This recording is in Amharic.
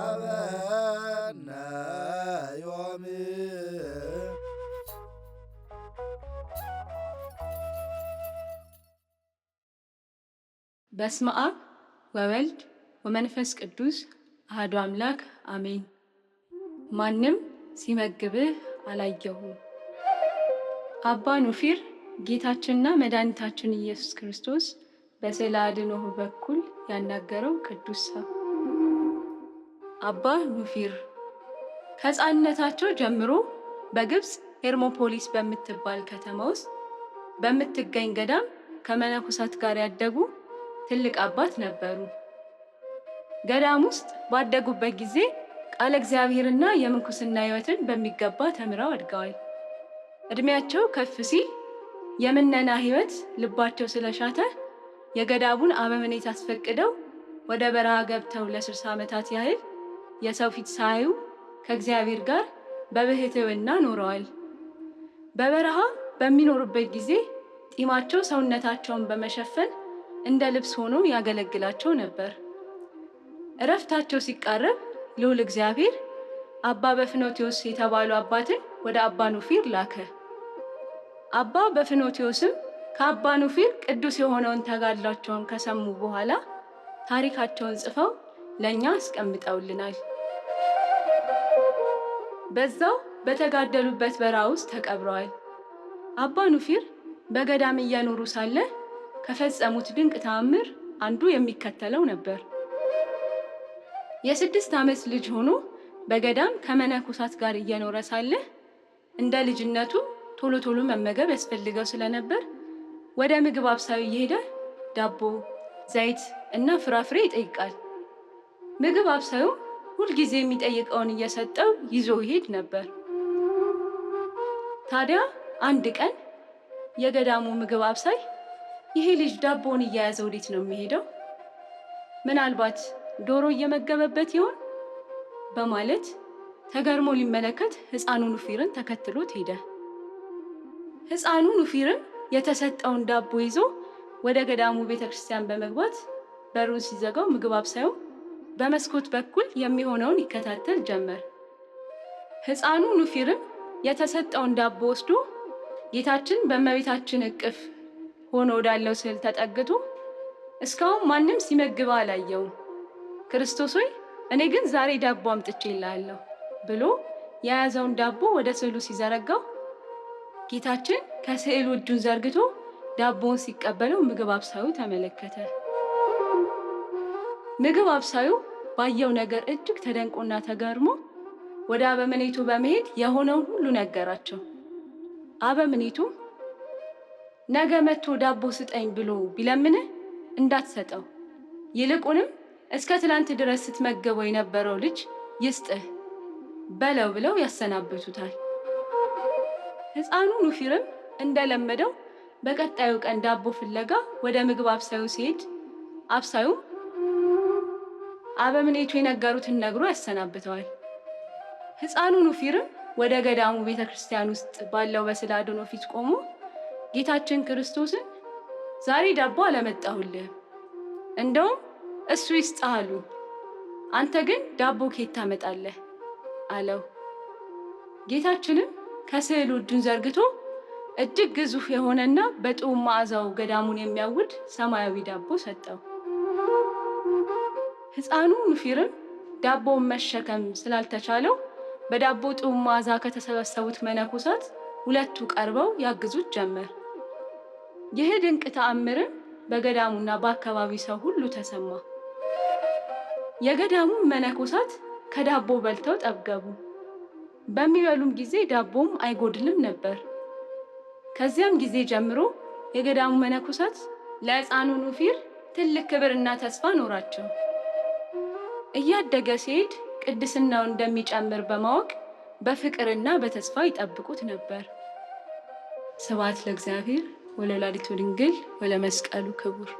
አበነ ዮሚ በስመ አብ ወወልድ ወመንፈስ ቅዱስ አህዶ አምላክ አሜን። ማንም ሲመግብህ አላየሁም። አባ ኑፊር ጌታችንና መድኃኒታችን ኢየሱስ ክርስቶስ በስዕለ አድኅኖ በኩል ያናገረው ቅዱስ ሰው አባ ኑፊር ከህፃንነታቸው ጀምሮ በግብፅ ሄርሞፖሊስ በምትባል ከተማ ውስጥ በምትገኝ ገዳም ከመነኮሳት ጋር ያደጉ ትልቅ አባት ነበሩ። ገዳም ውስጥ ባደጉበት ጊዜ ቃለ እግዚአብሔርና የምንኩስና ሕይወትን በሚገባ ተምረው አድገዋል። እድሜያቸው ከፍ ሲል የምነና ሕይወት ልባቸው ስለሻተ የገዳቡን አበምኔት አስፈቅደው ወደ በረሃ ገብተው ለስልሳ ዓመታት ያህል የሰው ፊት ሳዩ ከእግዚአብሔር ጋር በብሕትውና ኖረዋል። በበረሃ በሚኖሩበት ጊዜ ጢማቸው ሰውነታቸውን በመሸፈን እንደ ልብስ ሆኖ ያገለግላቸው ነበር። እረፍታቸው ሲቃረብ ልዑል እግዚአብሔር አባ በፍኖቴዎስ የተባሉ አባትን ወደ አባ ኑፊር ላከ። አባ በፍኖቴዎስም ከአባ ኑፊር ቅዱስ የሆነውን ተጋድሏቸውን ከሰሙ በኋላ ታሪካቸውን ጽፈው ለእኛ አስቀምጠውልናል። በዛው በተጋደሉበት በረሃ ውስጥ ተቀብረዋል። አባ ኑፊር በገዳም እየኖሩ ሳለ ከፈጸሙት ድንቅ ተአምር አንዱ የሚከተለው ነበር። የስድስት ዓመት ልጅ ሆኖ በገዳም ከመነኮሳት ጋር እየኖረ ሳለ እንደ ልጅነቱ ቶሎ ቶሎ መመገብ ያስፈልገው ስለነበር ወደ ምግብ አብሳዩ እየሄደ ዳቦ፣ ዘይት እና ፍራፍሬ ይጠይቃል። ምግብ አብሳዩም ሁልጊዜ የሚጠይቀውን እየሰጠው ይዞ ይሄድ ነበር። ታዲያ አንድ ቀን የገዳሙ ምግብ አብሳይ ይሄ ልጅ ዳቦውን እየያዘ ወዴት ነው የሚሄደው? ምናልባት ዶሮ እየመገበበት ይሆን በማለት ተገርሞ ሊመለከት ህፃኑ ኑፊርን ተከትሎት ሄደ። ህፃኑ ኑፊርን የተሰጠውን ዳቦ ይዞ ወደ ገዳሙ ቤተ ክርስቲያን በመግባት በሩን ሲዘጋው ምግብ አብሳዩ በመስኮት በኩል የሚሆነውን ይከታተል ጀመር። ሕፃኑ ኑፊርም የተሰጠውን ዳቦ ወስዶ ጌታችን በእመቤታችን እቅፍ ሆኖ ወዳለው ስዕል ተጠግቶ እስካሁን ማንም ሲመግብ አላየውም፣ ክርስቶስ ሆይ እኔ ግን ዛሬ ዳቦ አምጥቼልሃለሁ ብሎ የያዘውን ዳቦ ወደ ስዕሉ ሲዘረጋው ጌታችን ከስዕሉ እጁን ዘርግቶ ዳቦውን ሲቀበለው ምግብ አብሳዩ ተመለከተ። ምግብ አብሳዩ ባየው ነገር እጅግ ተደንቆና ተገርሞ ወደ አበምኔቱ በመሄድ የሆነውን ሁሉ ነገራቸው። አበምኔቱ ነገ መጥቶ ዳቦ ስጠኝ ብሎ ቢለምንህ እንዳትሰጠው፣ ይልቁንም እስከ ትላንት ድረስ ስትመገበው የነበረው ልጅ ይስጥህ በለው ብለው ያሰናብቱታል። ሕፃኑ ኑፊርም እንደለመደው በቀጣዩ ቀን ዳቦ ፍለጋ ወደ ምግብ አብሳዩ ሲሄድ አብሳዩም አበምኔቱ የነገሩትን ነግሮ ያሰናብተዋል። ሕፃኑን ኑፊርም ወደ ገዳሙ ቤተ ክርስቲያን ውስጥ ባለው በስዕለ አድኅኖ ፊት ቆሞ ጌታችን ክርስቶስን ዛሬ ዳቦ አላመጣሁልህም፣ እንደውም እሱ ይስጥህ አሉ። አንተ ግን ዳቦ ኬት ታመጣለህ አለው። ጌታችንም ከስዕሉ እጁን ዘርግቶ እጅግ ግዙፍ የሆነና በጥዑም መዓዛው ገዳሙን የሚያውድ ሰማያዊ ዳቦ ሰጠው። ህፃኑ ምፊርን ዳቦውን መሸከም ስላልተቻለው በዳቦ ጥዑም መዓዛ ከተሰበሰቡት መነኮሳት ሁለቱ ቀርበው ያግዙት ጀመር። ይህ ድንቅ ተአምርን በገዳሙና በአካባቢው ሰው ሁሉ ተሰማ። የገዳሙ መነኮሳት ከዳቦ በልተው ጠገቡ። በሚበሉም ጊዜ ዳቦም አይጎድልም ነበር። ከዚያም ጊዜ ጀምሮ የገዳሙ መነኮሳት ለሕፃኑ ኑፊር ትልቅ ክብርና ተስፋ ኖራቸው። እያደገ ሲሄድ ቅድስናው እንደሚጨምር በማወቅ በፍቅርና በተስፋ ይጠብቁት ነበር። ስብሐት ለእግዚአብሔር ወለወላዲቱ ድንግል ወለመስቀሉ ክቡር።